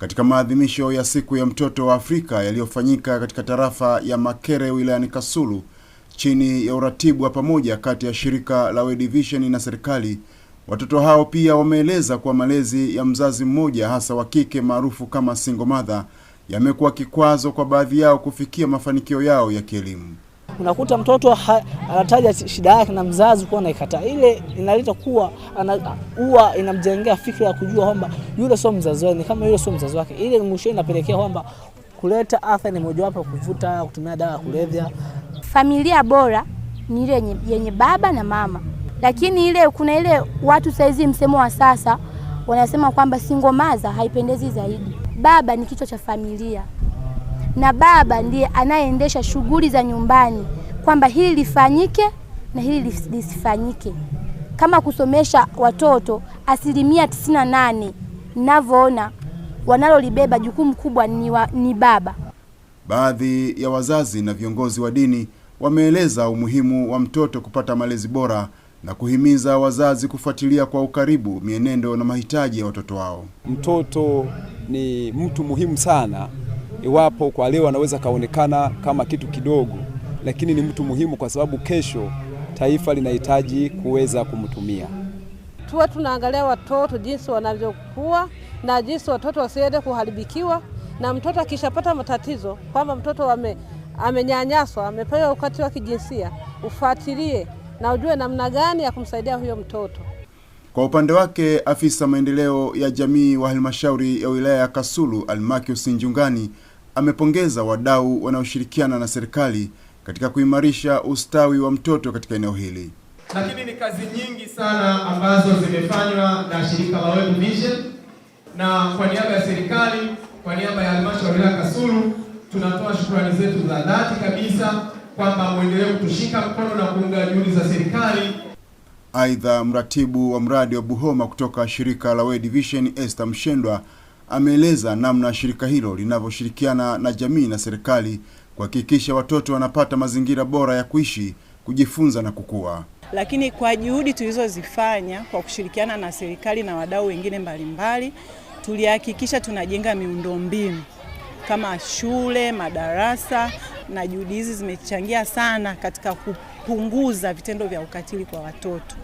katika maadhimisho ya siku ya mtoto wa Afrika yaliyofanyika katika tarafa ya Makere wilayani Kasulu chini ya uratibu wa pamoja kati ya shirika la World Vision na serikali. Watoto hao pia wameeleza kuwa malezi ya mzazi mmoja hasa wa kike maarufu kama single mother yamekuwa kikwazo kwa baadhi yao kufikia mafanikio yao ya kielimu. Unakuta mtoto anataja shida yake na mzazi kuwa naikataa, ile inaleta kuwa huwa inamjengea fikra ya kujua kwamba yule sio mzazi wake, ni kama yule sio mzazi wake. Ile mwisho inapelekea kwamba kuleta athari ni mojawapo kuvuta, kutumia dawa ya kulevya. Familia bora ni ile yenye baba na mama, lakini ile kuna ile watu saizi, msemo wa sasa wanasema kwamba single mother haipendezi zaidi. Baba ni kichwa cha familia na baba ndiye anayeendesha shughuli za nyumbani, kwamba hili lifanyike na hili lisifanyike, kama kusomesha watoto. Asilimia tisini na nane ninavyoona wanalolibeba jukumu kubwa ni, wa, ni baba. Baadhi ya wazazi na viongozi wa dini wameeleza umuhimu wa mtoto kupata malezi bora na kuhimiza wazazi kufuatilia kwa ukaribu mienendo na mahitaji ya watoto wao. Mtoto ni mtu muhimu sana iwapo kwa leo anaweza kaonekana kama kitu kidogo, lakini ni mtu muhimu, kwa sababu kesho taifa linahitaji kuweza kumtumia. Tuwe tunaangalia watoto jinsi wanavyokuwa na jinsi watoto wasiende kuharibikiwa, na mtoto akishapata matatizo kwamba mtoto ame, amenyanyaswa amepewa ukatili wa kijinsia, ufuatilie na ujue namna gani ya kumsaidia huyo mtoto. Kwa upande wake afisa maendeleo ya jamii wa halmashauri ya wilaya ya Kasulu Almakius Njungani amepongeza wadau wanaoshirikiana na serikali katika kuimarisha ustawi wa mtoto katika eneo hili. Lakini ni kazi nyingi sana ambazo zimefanywa na shirika la Web Vision na kwa niaba ya serikali, kwa niaba ya halmashauri ya Kasulu tunatoa shukrani zetu za dhati kabisa kwamba mwendelee kutushika mkono na kuunga juhudi za serikali. Aidha, mratibu wa mradi wa Buhoma kutoka shirika la Web Vision Esther Mshendwa ameeleza namna shirika hilo linavyoshirikiana na jamii na serikali kuhakikisha watoto wanapata mazingira bora ya kuishi, kujifunza na kukua. Lakini kwa juhudi tulizozifanya kwa kushirikiana na serikali na wadau wengine mbalimbali, tulihakikisha tunajenga miundombinu kama shule, madarasa na juhudi hizi zimechangia sana katika kupunguza vitendo vya ukatili kwa watoto.